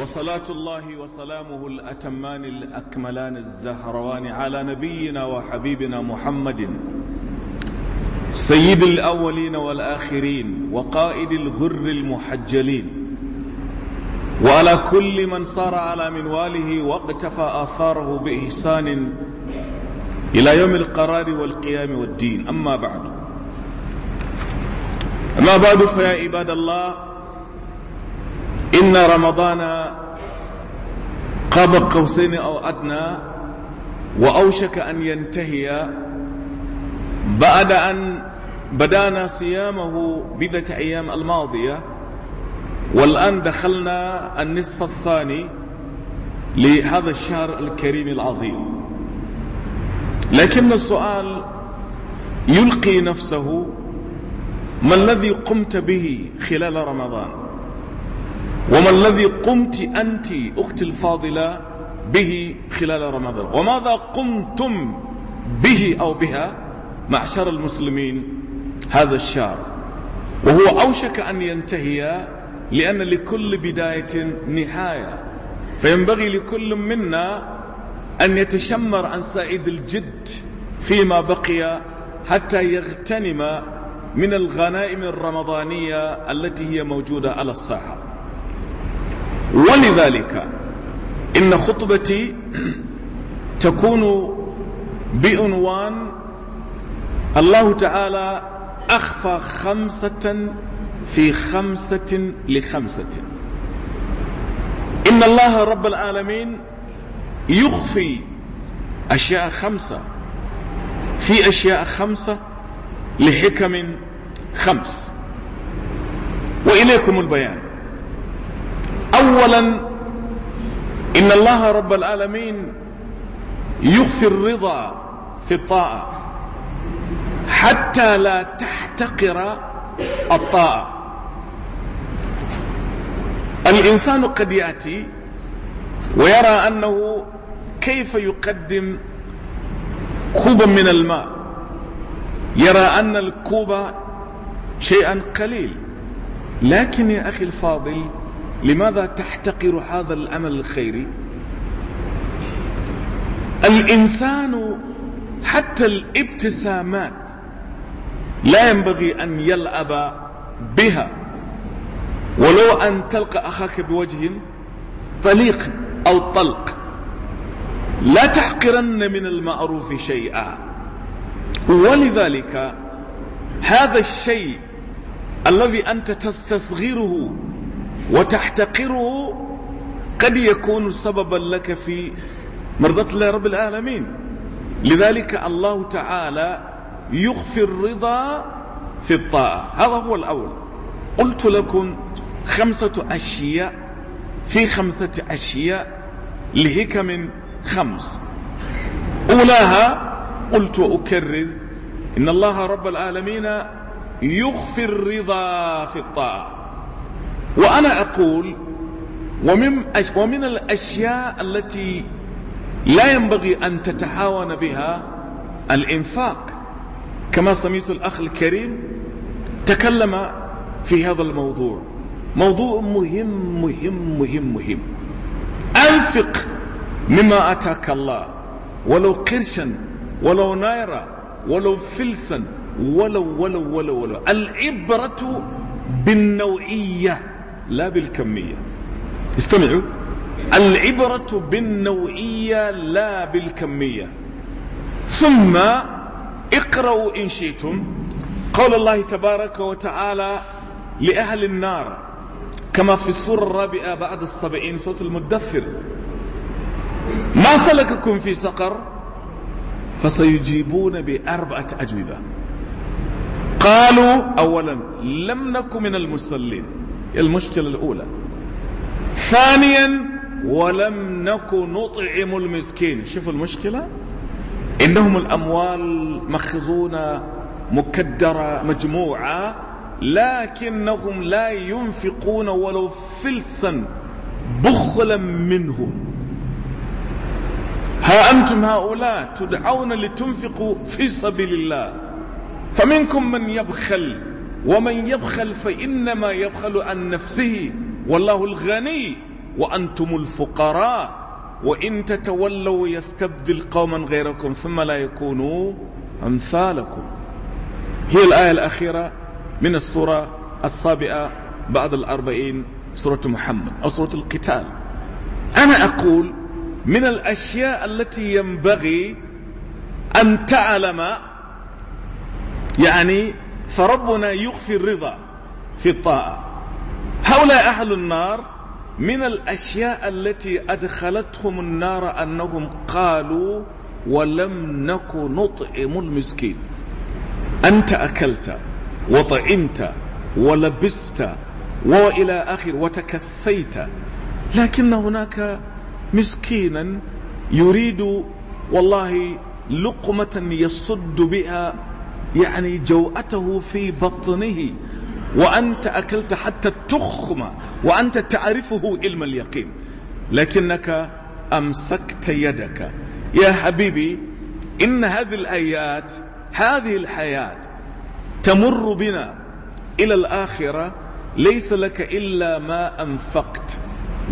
وصلاة الله وسلامه الأتمان الأكملان الزهروان على نبينا وحبيبنا محمد سيد الأولين والآخرين وقائد الغر المحجلين وعلى كل من صار على منواله واقتفى آثاره بإحسان إلى يوم القرار والقيام والدين أما بعد أما بعد فيا عباد الله إن رمضان قاب قوسين أو أدنى وأوشك أن ينتهي بعد أن بدأنا صيامه بذة أيام الماضية والآن دخلنا النصف الثاني لهذا الشهر الكريم العظيم لكن السؤال يلقي نفسه ما الذي قمت به خلال رمضان وما الذي قمت أنت أختي الفاضلة به خلال رمضان وماذا قمتم به أو بها معشر المسلمين هذا الشهر وهو أوشك أن ينتهي لأن لكل بداية نهاية فينبغي لكل منا أن يتشمر عن سعيد الجد فيما بقي حتى يغتنم من الغنائم الرمضانية التي هي موجودة على الساحة ولذلك إن خطبتي تكون بعنوان الله تعالى أخفى خمسة في خمسة لخمسة إن الله رب العالمين يخفي أشياء خمسة في أشياء خمسة لحكم خمس وإليكم البيان اولا ان الله رب العالمين يخفي الرضا في الطاعه حتى لا تحتقر الطاعه الانسان قد ياتي ويرى انه كيف يقدم كوبا من الماء يرى ان الكوب شيئا قليل لكن يا اخي الفاضل لماذا تحتقر هذا العمل الخيري الإنسان حتى الابتسامات لا ينبغي أن يلعب بها ولو أن تلقى أخاك بوجه طليق أو طلق لا تحقرن من المعروف شيئا ولذلك هذا الشيء الذي أنت تستصغره وتحتقره قد يكون سببا لك في مرضاة الله رب العالمين لذلك الله تعالى يخفي الرضا في الطاعة هذا هو الأول قلت لكم خمسة أشياء في خمسة أشياء لهكم خمس أولاها قلت وأكرر إن الله رب العالمين يخفي الرضا في الطاعة وأنا أقول ومن, ومن الأشياء التي لا ينبغي أن تتهاون بها الإنفاق كما سميت الأخ الكريم تكلم في هذا الموضوع موضوع مهم مهم مهم مهم أنفق مما أتاك الله ولو قرشا ولو نايرا ولو فلسا ولو ولو ولو ولو العبرة بالنوعية لا بالكمية استمعوا العبرة بالنوعية لا بالكمية ثم اقرأوا إن شئتم قول الله تبارك وتعالى لأهل النار كما في السورة الرابعة بعد السبعين صوت المدثر ما سلككم في سقر فسيجيبون بأربعة أجوبة قالوا أولا لم نكن من المصلين المشكلة الأولى ثانيا ولم نكن نطعم المسكين شوفوا المشكلة إنهم الأموال مخزونة مكدرة مجموعة لكنهم لا ينفقون ولو فلسا بخلا منهم ها أنتم هؤلاء تدعون لتنفقوا في سبيل الله فمنكم من يبخل ومن يبخل فإنما يبخل عن نفسه والله الغني وأنتم الفقراء وإن تتولوا يستبدل قوما غيركم ثم لا يكونوا أمثالكم هي الآية الأخيرة من السورة السابعة بعد الأربعين سورة محمد أو سورة القتال أنا أقول من الأشياء التي ينبغي أن تعلم يعني فربنا يخفي الرضا في الطاعة هؤلاء أهل النار من الأشياء التي أدخلتهم النار أنهم قالوا ولم نك نطعم المسكين أنت أكلت وطعمت ولبست وإلى آخر وتكسيت لكن هناك مسكينا يريد والله لقمة يصد بها يعني جوأته في بطنه وأنت أكلت حتى التخمة وأنت تعرفه علم اليقين لكنك أمسكت يدك يا حبيبي إن هذه الآيات هذه الحياة تمر بنا إلى الآخرة ليس لك إلا ما أنفقت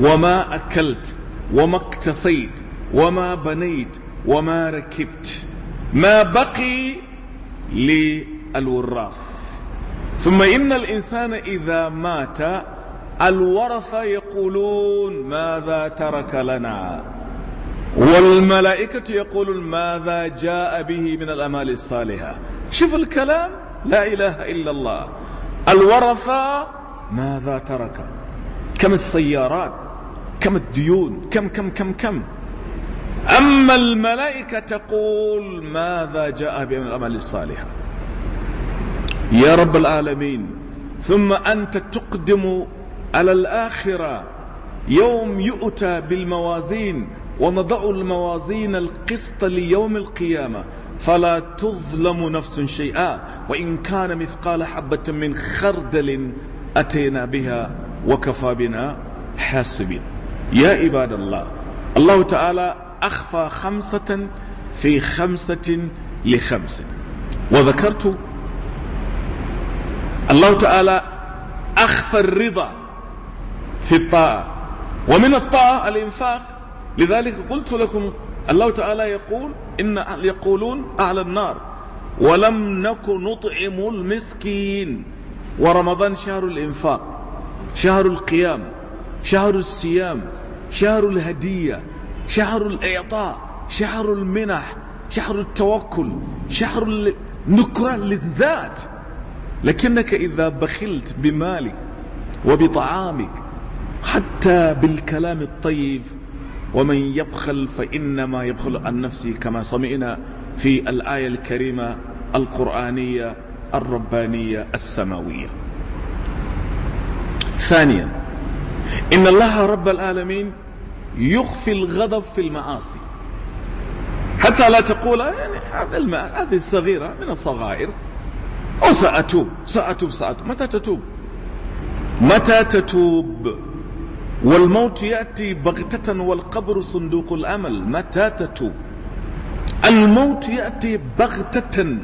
وما أكلت وما اكتصيت وما بنيت وما ركبت ما بقي للوراث ثم إن الإنسان إذا مات الورث يقولون ماذا ترك لنا والملائكة يقولون ماذا جاء به من الأمال الصالحة شوف الكلام لا إله إلا الله الورثة ماذا ترك كم السيارات كم الديون كم كم كم كم أما الملائكة تقول ماذا جاء بأمر الأمل الصالحة يا رب العالمين ثم أنت تقدم على الآخرة يوم يؤتى بالموازين ونضع الموازين القسط ليوم القيامة فلا تظلم نفس شيئا وإن كان مثقال حبة من خردل أتينا بها وكفى بنا حاسبين يا عباد الله الله تعالى أخفى خمسة في خمسة لخمس وذكرت الله تعالى أخفى الرضا في الطاعة ومن الطاعة الإنفاق لذلك قلت لكم الله تعالى يقول إن يقولون أعلى النار ولم نك نطعم المسكين ورمضان شهر الإنفاق شهر القيام شهر الصيام شهر الهدية شهر الإعطاء شهر المنح شهر التوكل شهر النكرة للذات لكنك إذا بخلت بمالك وبطعامك حتى بالكلام الطيب ومن يبخل فإنما يبخل عن نفسه كما سمعنا في الآية الكريمة القرآنية الربانية السماوية ثانيا إن الله رب العالمين يخفي الغضب في المعاصي حتى لا تقول يعني هذا الماء هذه الصغيرة من الصغائر أو سأتوب سأتوب سأتوب متى تتوب متى تتوب والموت يأتي بغتة والقبر صندوق الأمل متى تتوب الموت يأتي بغتة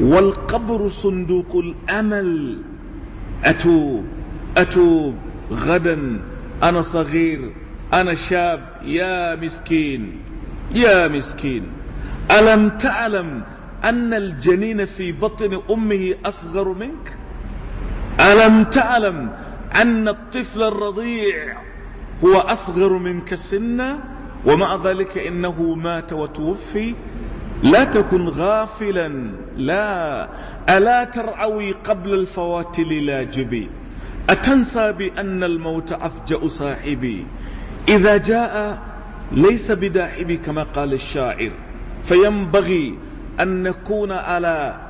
والقبر صندوق الأمل أتوب أتوب غدا أنا صغير أنا شاب يا مسكين يا مسكين ألم تعلم أن الجنين في بطن أمه أصغر منك ألم تعلم أن الطفل الرضيع هو أصغر منك سنا ومع ذلك إنه مات وتوفي لا تكن غافلا لا ألا ترعوي قبل الفوات للاجبي أتنسى بأن الموت أفجأ صاحبي إذا جاء ليس بداحب كما قال الشاعر فينبغي أن نكون على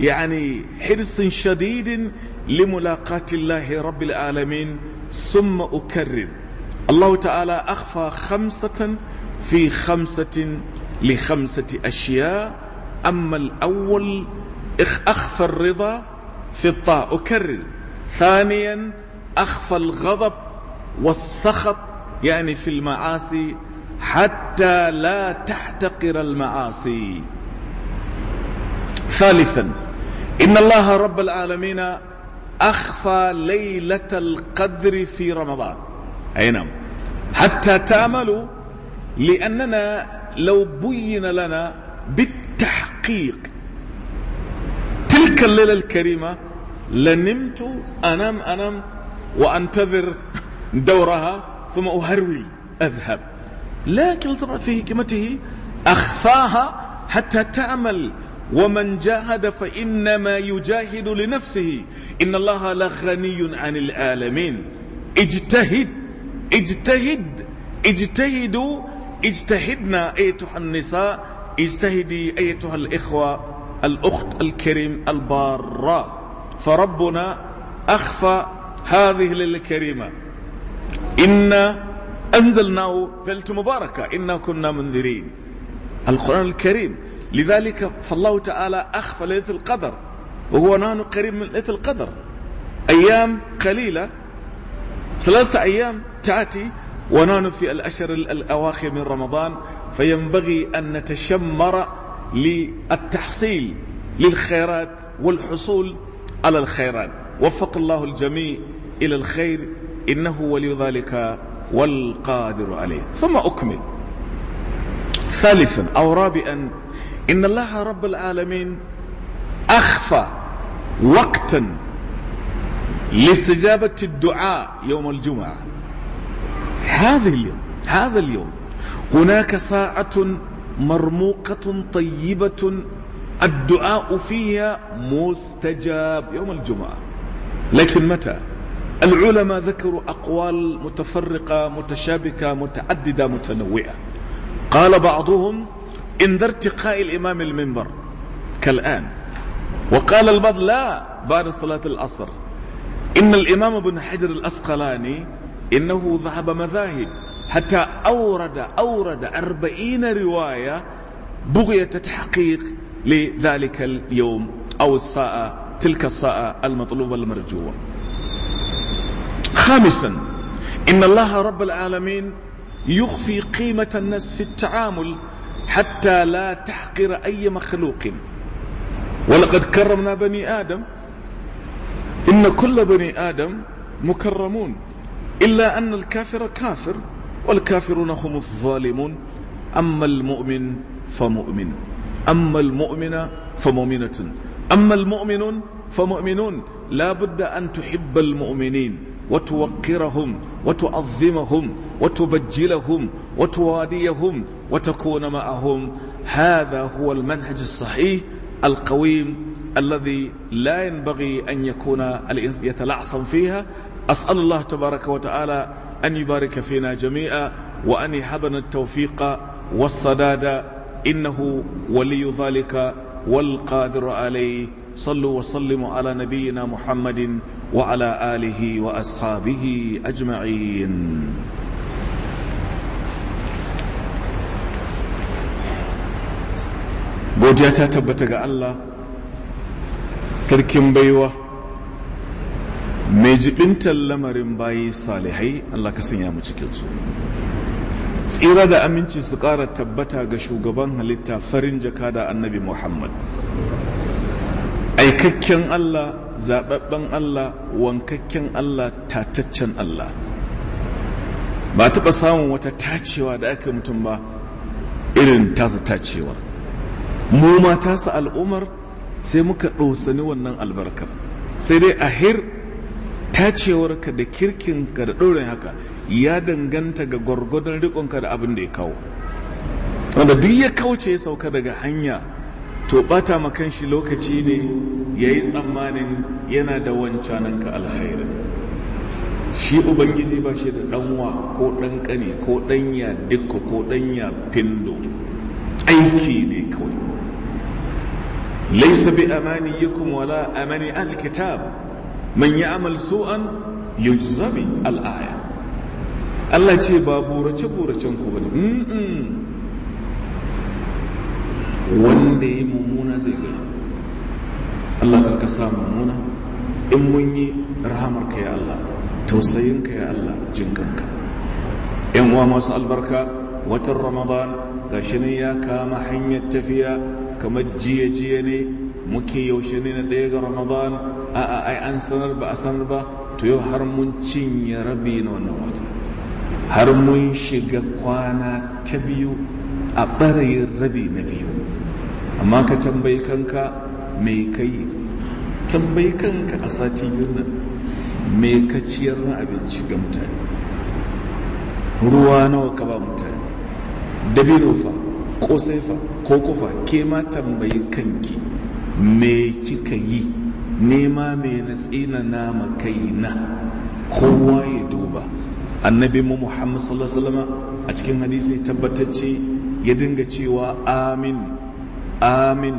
يعني حرص شديد لملاقاة الله رب العالمين ثم أكرر الله تعالى أخفى خمسة في خمسة لخمسة أشياء أما الأول أخفى الرضا في الطاعة أكرر ثانيا أخفى الغضب والسخط يعني في المعاصي حتى لا تحتقر المعاصي ثالثا إن الله رب العالمين أخفى ليلة القدر في رمضان أي نعم حتى تأملوا لأننا لو بين لنا بالتحقيق تلك الليلة الكريمة لنمت أنام أنام وأنتظر دورها ثم أهروي أذهب لكن طبعا في حكمته أخفاها حتى تعمل ومن جاهد فإنما يجاهد لنفسه إن الله لغني عن العالمين اجتهد اجتهد اجتهدوا اجتهدنا أيتها النساء اجتهدي أيتها الإخوة الأخت الكريم البارة فربنا أخفى هذه للكريمة إنا أنزلناه فلت مباركة إنا كنا منذرين القرآن الكريم لذلك فالله تعالى أخفى ليلة القدر وهو نحن قريب من ليلة القدر أيام قليلة ثلاثة أيام تأتي ونحن في الأشهر الأواخر من رمضان فينبغي أن نتشمر للتحصيل للخيرات والحصول على الخيرات وفق الله الجميع إلى الخير إنه ولي ذلك والقادر عليه ثم أكمل ثالثا أو رابعا إن الله رب العالمين أخفى وقتا لاستجابة الدعاء يوم الجمعة هذا اليوم هذا اليوم هناك ساعة مرموقة طيبة الدعاء فيها مستجاب يوم الجمعة لكن متى العلماء ذكروا أقوال متفرقة متشابكة متعددة متنوعة قال بعضهم إن ذا ارتقاء الإمام المنبر كالآن وقال البعض لا بعد صلاة العصر إن الإمام ابن حجر الأسقلاني إنه ذهب مذاهب حتى أورد أورد أربعين رواية بغية تحقيق لذلك اليوم أو الساعة تلك الساعة المطلوبة المرجوة خامسا إن الله رب العالمين يخفي قيمة الناس في التعامل حتى لا تحقر أي مخلوق ولقد كرمنا بني آدم إن كل بني آدم مكرمون إلا أن الكافر كافر والكافرون هم الظالمون أما المؤمن فمؤمن أما المؤمن فمؤمنة أما المؤمن فمؤمنون لا بد أن تحب المؤمنين وتوقرهم وتعظمهم وتبجلهم وتواديهم وتكون معهم هذا هو المنهج الصحيح القويم الذي لا ينبغي أن يكون الإنس يتلعصم فيها أسأل الله تبارك وتعالى أن يبارك فينا جميعا وأن يحبنا التوفيق والصداد إنه ولي ذلك والقادر عليه صلوا وسلموا على نبينا محمد وعلى آله وأصحابه أجمعين godiya ta tabbata ga Allah sarkin baiwa mai jibintar lamarin bayi salihai Allah ka sanya mu cikinsu tsira da aminci su ƙara tabbata ga shugaban halitta farin jaka da annabi Muhammad aikakken Allah zaɓaɓɓen Allah wankakken Allah tataccen Allah ba taɓa samun wata tacewa da aka mutum ba irin tasa tacewa mu ma tasa al'umar sai muka ɗosani wannan albarkar sai dai a ahir tacewarka da kirkin ka da ɗorin haka ya danganta ga gwargwadon riƙonka da abin da ya kawo wanda duk ya kauce ya sauka daga hanya to bata makan shi lokaci ne ya yi tsammanin yana da wancanan ka alkhairi shi ubangiji ba shi da ɗanwa ko ɗan ƙane ko ɗanya dukka ko ɗanya findo aiki ne kawai laisa bi amani yakum wala amani alkitab man ya'mal su'an yujzabi al'aya Allah ce ba burace burace ku ba ne. wanda ya yi mummuna zai gani Allah ka sa mummuna in mun yi rahamar ka ya Allah tausayin ka ya Allah jin kanka yan uwa masu albarka watan ramadan ga ne ya kama hanyar tafiya kamar jiye jiye ne muke yaushe ne na ɗaya ga ramadan a a ai an sanar ba a sanar ba to yau har mun cinye rabi na wannan wata har mun shiga kwana ta biyu a ɓarayin rabi na biyu amma ka tambayi kanka mai kai tambayi kanka a sati biyun nan mai ka na abinci ga mutane ruwa nawa ka ba mutane dabino fa kosai fa ko kofa ke ma tambayi kanki me kika yi nema me na tsina nama na kowa ya duba annabi mu muhammad sallallahu alaihi a cikin hadisi tabbatacce ya dinga cewa amin amin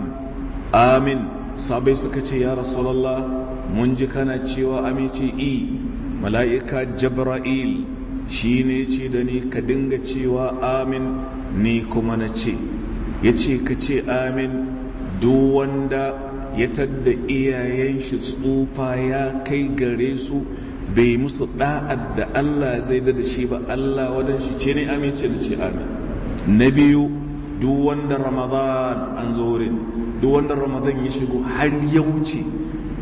amin sabai suka ce ya rasulallah mun ji kana cewa amince i mala'ika jabra'il shi ne ce da ni ka dinga cewa amin ni kuma na ce ya ce ka ce amin duk wanda ya tadda iyayen shi tsufa ya kai gare su bai musu da'ad da Allah zai da shi ba Allah wadanshi shi ce ne amince da ce amin na biyu duk wanda ramadan an zorin? duk wanda ramadan ya shigo har ya wuce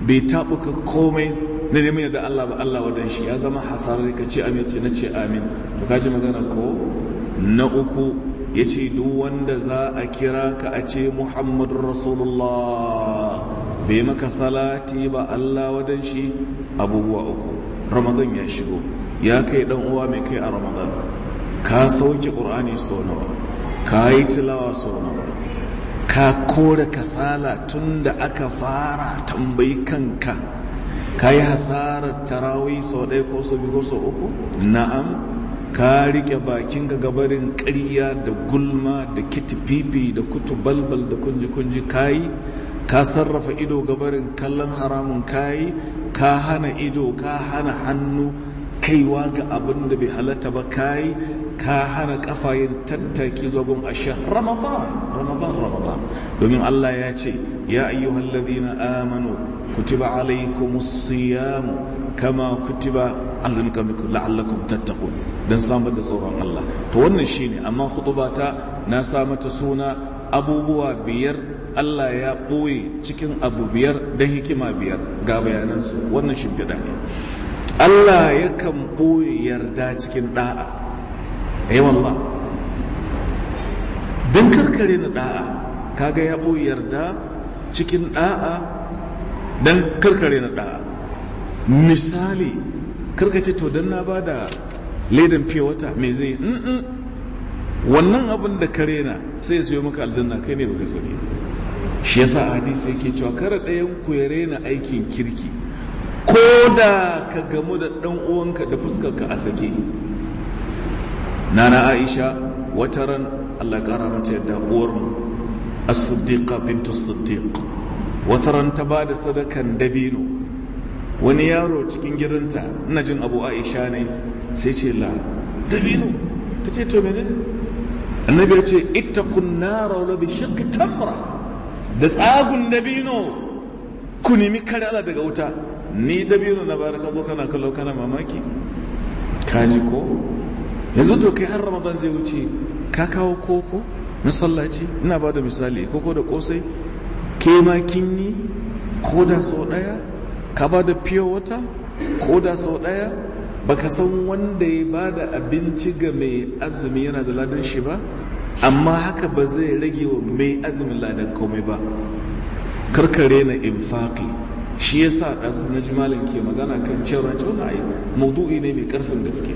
bai ka komai na neman yadda Allah ba Allah wa shi ya zama hasarar ka ce amin ce na ce amin to ka ji magana ko na uku ya ce duk wanda za a kira ka a ce muhammadu rasulullah bai maka salati ba Allah wa shi abubuwa uku ramadan ya shigo ya kai dan uwa mai kai a ramadan ka sauke qur'ani sau nawa ka yi tilawa sau ka kore kasala tun da aka fara tambayi kanka ka yi hasarar tarawi sau ɗaya ko sau biyu ko sau uku na'am ka riƙe bakinka gabarin ƙarya da gulma da kitififi da kutu balbal da kunji-kunji ka yi ka sarrafa ido gabarin kallon haramun ka yi ka hana ido ka hana hannu kaiwa ga abin da bai halatta ba kai ka hana kafayen tattaki zuwa gun asha ramadan ramadan ramadan domin Allah ya ce ya ayyuhal ladina amanu kutiba alaikumus siyam kama kutiba alladhina qablikum la'allakum tattaqun dan samar da tsoron Allah to wannan shine amma khutubata na sa mata suna abubuwa biyar Allah ya ɓoye cikin abu biyar da hikima biyar ga bayanansu wannan shimfiɗa ne Allah yakan ɓoye yarda cikin ɗa'a ai eh, wallah don karkare na ɗa'a kaga ya ɓoye yarda cikin ɗa'a don karkare na ɗa'a misali karkace to don na ba da ledan fiye wata mai zai wannan abin da kare na sai su yi maka aljanna kai ne baka sani shi yasa hadisi yake cewa kara ɗayan ku ya rena aikin kirki ko da ka gamu da ɗan uwanka da fuskarka a sake nana aisha wata ran allah ƙara mata yadda mu as-siddiqa bintu siddiq wata ran ta ba da sadakan dabino wani yaro cikin gidanta ina jin abu aisha ne sai ce la dabino ta ce to menene annabi ya ce ittaqun nara wa bi shiqqi tamra da tsagun dabino ku nemi kare ala daga wuta ni dabino na bayar ka zo kana kallo kana mamaki kaji ko yanzu to kai har ramadan zai wuce ka kawo koko masallaci ina ba da misali koko da kosai ke ma kin yi ko da sau daya ka ba da pure water ko da sau daya baka san wanda ya ba da abinci ga mai azumi yana da ladan shi ba amma haka ba zai rage wa mai azumin ladan komai ba karkare na infaki shi yasa na ji malin ke magana kan cewa cewa ayi, maudu'i ne mai karfin gaske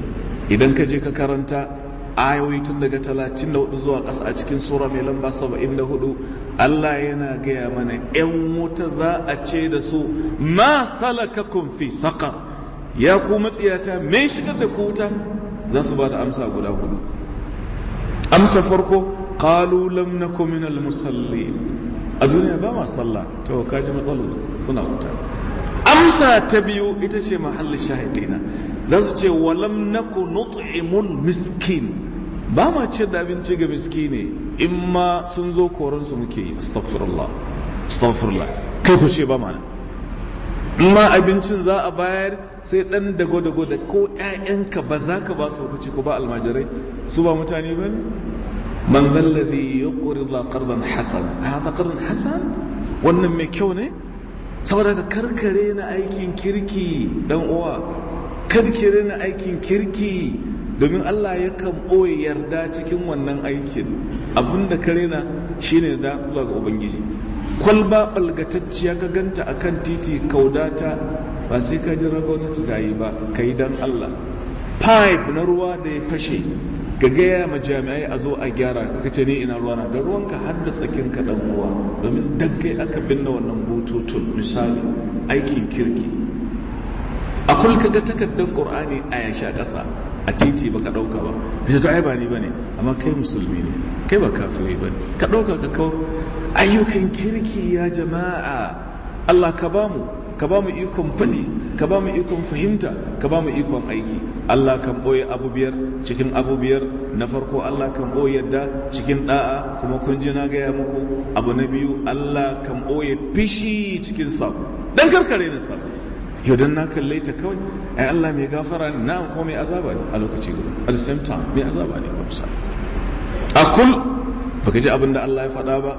idan ka je ka karanta ayoyi tun daga talatin da hudu zuwa ƙasa a cikin sura mai lamba saba'in da hudu Allah yana gaya mana 'yan wuta za a ce da su ma salaka fi saka ya ku matsiyata mai shigar da ku wuta za su ba da amsa guda hudu amsa farko qalu lam nakum musalli. a duniya ba ma sallah to ka ji suna wuta amsa ta biyu ita ce mahallin shahidina za su ce walam naku nut'imun miskin ba ma ce da abinci ga ne in ma sun zo koron su muke yi astaghfirullah astaghfirullah kai ku ce ba ma nan in ma abincin za a bayar sai dan dago dago da ko ƴaƴanka ba za ka ba su ci ko ba almajirai su ba mutane ba ne من ذا الذي يقرض الله قرضا حسنا هذا wannan mai kyau ne saboda ka karkare na aikin kirki dan uwa karkare na aikin kirki domin Allah yakan ɓoye yarda cikin wannan aikin abinda ka rena shine da zuwa ga ubangiji kwalba ɓalgatacciya ka ganta akan titi kaudata ba sai ka jira gwamnati ta yi ba ka yi dan Allah pipe na ruwa da ya fashe ka gaya ma jami'ai a zo a gyara ka ce ni ina ruwana da ruwanka har da tsakin ka dan uwa domin dan kai aka binne wannan bututun misali aikin kirki a kul ka ga takardar qur'ani a yasha ƙasa a titi baka ɗauka ba shi to ai ba ni bane amma kai musulmi ne kai ba kafiri bane ka ɗauka ka kawo ayyukan kirki ya jama'a Allah ka bamu ka ba mu ikon faɗi ka ba mu ikon fahimta ka ba mu ikon aiki Allah kan ɓoye abu biyar cikin abu biyar na farko Allah kan ɓoye yadda cikin ɗa'a kuma kun ji na gaya muku abu na biyu Allah kan ɓoye fishi cikin sabu dan karkare na sabu yau dan na kalle ta kawai ai Allah mai gafara ne na ko mai azaba ne a lokaci guda at the same time mai azaba ne kuma sa akul baka ji abin da Allah ya faɗa ba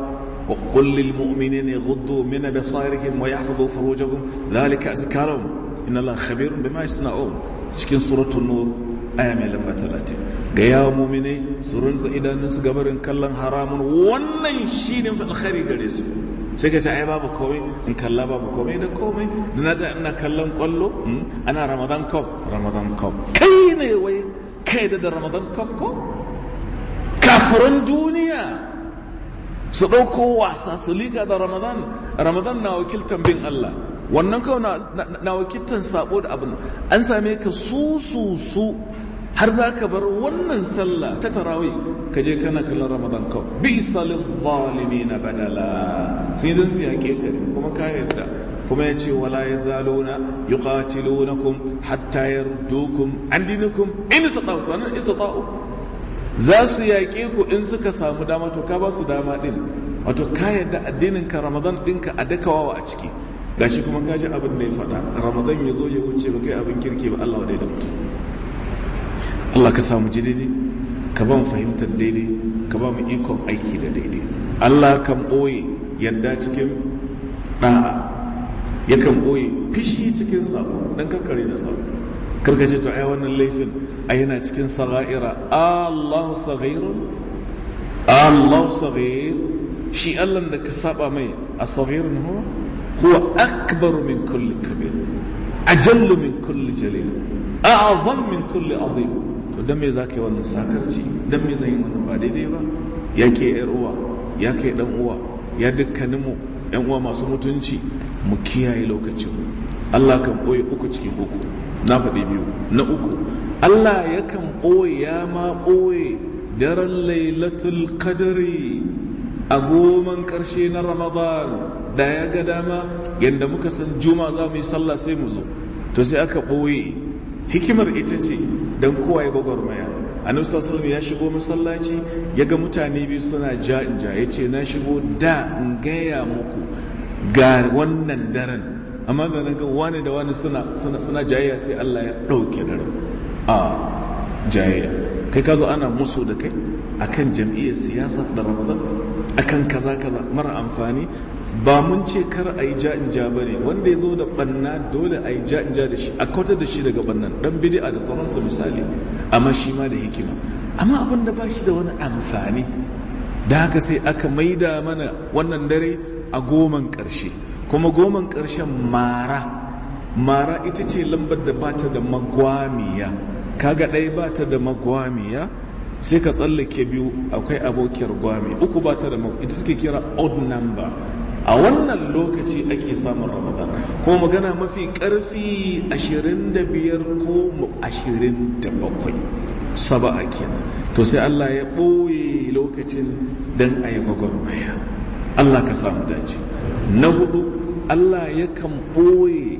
وقل للمؤمنين يغضوا من بصائرهم ويحفظوا فروجهم ذلك أزكى لهم إن الله خبير بما يصنعون cikin suratul nur aya mai lamba 30 ga yawa mumine su runza idanunsu gabarin kallon haramun wannan shi ne alkhari gare su sai ka ce ai babu komai in kalla babu komai da komai da na ina kallon kwallo ana ramadan cup ramadan cup kai ne wai kai da ramadan cup ko kafirin duniya su ɗauko wasa su liga da ramadan ramadan na wakiltan bin Allah wannan kawai na wakiltan sabo da abin an same ka su su su har za ka bar wannan sallah ta tarawai ka je kana kallon ramadan kawai bi salin zalimi na badala sun yi don su yake ka ne kuma ka yarda kuma ya ce wala ya zaluna yi qatilunakum hatta yardukum an dinikum in istata'u to za su yaƙe ku in suka samu dama to ka ba su dama ɗin wato ka yadda addinin ka ramadan ɗinka a dakawa a ciki gashi kuma ka ji abin da ya faɗa ramadan ya zo ya wuce ba kai abin kirki ba allah wadai da mutum allah ka samu ji daidai ka ba mu fahimtar daidai ka ba mu ikon aiki da daidai allah kan ɓoye yadda cikin ɗa'a ya kan ɓoye fishi cikin sabo ɗan karkare da sabo karka ce to ai wannan laifin a yana cikin sagha'ira Allahu saghir Allahu saghir shi Allah da ka saba mai a ne huwa huwa akbar min kulli kabir ajallu min kulli jalil a'zam min kulli azim to dan me zaka yi wannan sakarci dan me zan yi wannan ba daidai ba yake yar uwa yake dan uwa ya dukkaninmu yan uwa masu mutunci mu kiyaye lokacin Allah kan boye uku cikin uku na faɗi biyu na uku Allah ya kan ɓoye ya ma ɓoye daren lailatul qadri a goman ƙarshe na ramadan da ya ga dama yadda muka san juma za mu yi sallah sai mu zo to sai aka ɓoye hikimar ita ce don kowa ya gwagwarmaya annabi sallallahu ya shigo masallaci ya ga mutane biyu suna ja in ja ya ce na shigo da in gaya muku ga wannan daren amma da ga wani da wani suna suna jayayya sai Allah ya dauke da a jayayya kai ka zo ana musu da kai akan jam'iyyar siyasa da Ramadan akan kaza kaza mara amfani ba mun ce kar a yi ja'in ja ba ne wanda ya zo da banna dole a yi ja'in ja da shi a kautar da shi daga bannan dan bidi'a da sauransa misali amma shi ma da hikima amma abin da ba shi da wani amfani da haka sai aka maida mana wannan dare a goman ƙarshe kuma goman ƙarshen mara mara ita ce lambar da bata da magwamiya kaga ɗaya bata da magwamiya sai ka tsallake biyu akwai abokiyar gwami uku bata da magwamiya ita suke kira odd number a wannan lokaci ake samun ramadan kuma magana mafi ƙarfi 25 ko 27 saba'a kenan to sai allah ya ɓoye lokacin don a yi gwagwarmaya allah ka samu dace na hudu Allah yakan ɓoye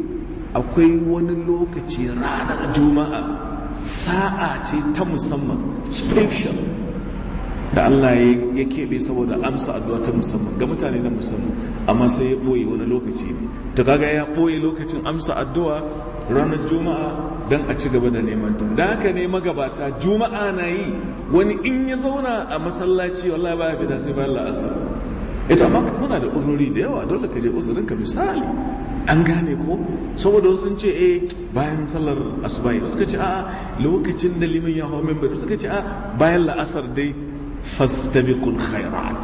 akwai wani lokaci ranar juma'a sa'a ce ta musamman special da Allah ya keɓe saboda amsa addu'a ta musamman ga mutane na musamman amma sai ya ɓoye wani lokaci ne to kaga ya ɓoye lokacin amsa addu'a ranar juma'a don a ci gaba da neman ta da haka ne magabata juma'a na yi wani in ya zauna a masallaci wallahi baya fita sai bayan la'asar ita maka kana da uzuri da yawa dole ka je uzurin ka misali an gane ko saboda wasu sun ce eh bayan sallar asubahi suka ce a lokacin da liman ya hau member suka ce a bayan la'asar dai fastabiqul khairat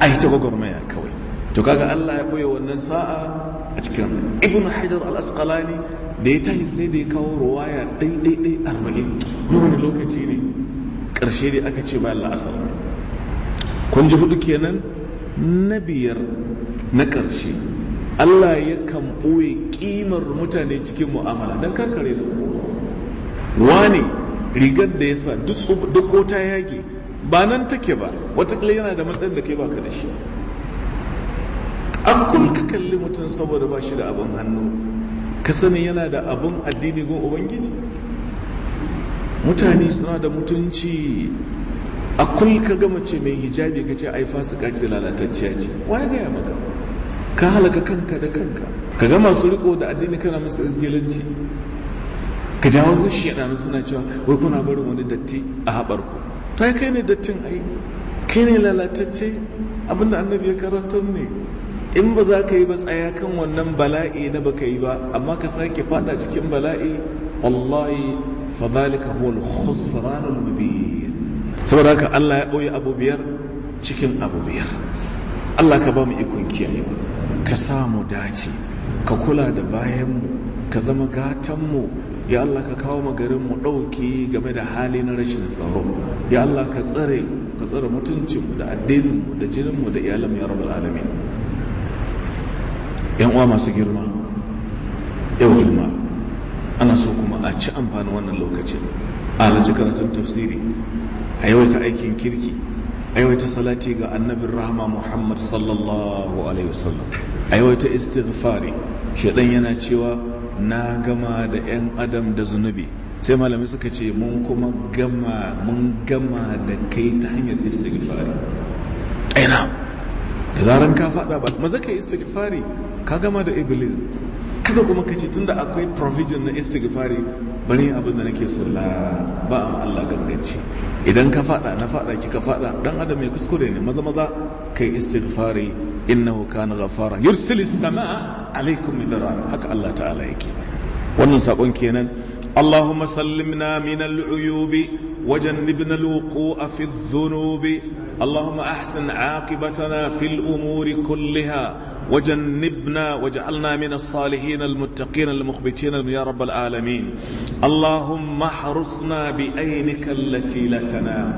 ai ta gwagwarmaya kawai to kaga Allah ya boye wannan sa'a a cikin ibn hajar al-asqalani da ya tashi sai da ya kawo ruwaya daidai dai arba'in wani lokaci ne karshe dai aka ce bayan la'asar kun ji hudu kenan na biyar na ƙarshe Allah ya kan ɓoye ƙimar mutane cikin mu'amala don karkare da wani rigar da ya sa duk kota yage ba nan take ba watakila yana da matsayin da kai baka da shi an ka kalli mutum saboda ba shi da abin hannu ka sani yana da abin addini gun ubangiji mutane suna da mutunci a kul ka ga mace mai hijabi ka ce ai fasika ce lalatacciya ce waye gaya maka ka halaka kanka da kanka ka ga masu riko da addini kana musu izgilanci ka ja wasu shaɗanu suna cewa wai kuna barin wani datti a ku to ai kai ne dattin ai kai ne lalatacce abinda annabi ya karantar ne in ba za ka yi ba tsaya kan wannan bala'i na baka yi ba amma ka sake fada cikin bala'i wallahi fa zalika huwa al-khusran al-mubin saboda haka Allah ya ɓoye abu biyar cikin abu biyar Allah ka ba mu ikon kiyaye ka mu dace ka kula da bayanmu ka zama gatanmu ya Allah ka kawo magarinmu ɗauki game da hali na rashin tsaro ya Allah ka tsare ka tsare mutuncinmu da addininmu da jininmu da iyalinmu ya rabu alamin yan uwa masu girma yau juma'a ana so kuma a ci amfani wannan lokacin a karatun tafsiri a yawaita aikin kirki a yawaita salati ga annabin rahama muhammad sallallahu alaihi wasallam a yawaita istighfari shaɗan yana cewa na gama da 'yan adam da zunubi sai malamai suka ce mun kuma gama mun gama da kai ta hanyar istighfari ina da zaran ka faɗa ba maza ka istighfari ka gama da iblis kada kuma ka ce tunda akwai provision na istighfari bari abin da nake so la ba a Allah ganganci idan ka fada na fada kika fada dan adam mai kuskure ne maza maza kai istighfari innahu kana ghafara yursilis sama, alaikum midran haka Allah ta'ala yake wannan sakon kenan اللهم سلمنا من العيوب وجنبنا الوقوع في الذنوب اللهم أحسن عاقبتنا في الأمور كلها وجنبنا واجعلنا من الصالحين المتقين المخبتين يا رب العالمين اللهم احرسنا بأينك التي لا تنام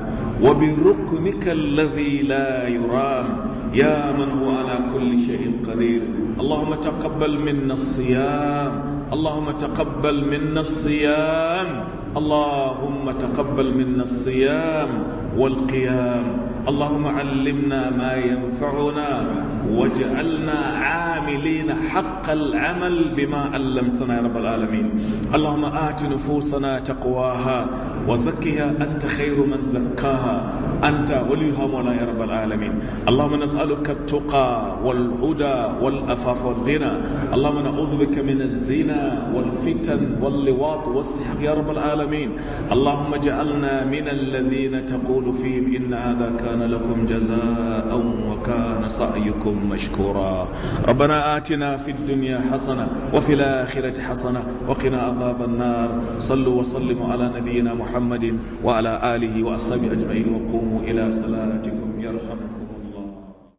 وبركنك الذي لا يرام يا من هو على كل شيء قدير اللهم تقبل منا الصيام اللهم تقبل منا الصيام اللهم تقبل منا الصيام والقيام اللهم علمنا ما ينفعنا واجعلنا عاملين حق العمل بما علمتنا يا رب العالمين اللهم آت نفوسنا تقواها وزكها أنت خير من زكاها أنت وليها مولاي يا رب العالمين اللهم نسألك التقى والهدى والأفاف والغنى اللهم نعوذ بك من الزنا والفتن واللواط والسحق يا رب العالمين اللهم اجعلنا من الذين تقول فيهم إن هذا كان لكم جزاء وكان سعيكم مشكورا ربنا آتنا في الدنيا حسنة وفي الآخرة حسنة وقنا عذاب النار صلوا وسلموا على نبينا محمد وعلى آله وأصحابه أجمعين وقوموا إلى صلاتكم يرحمكم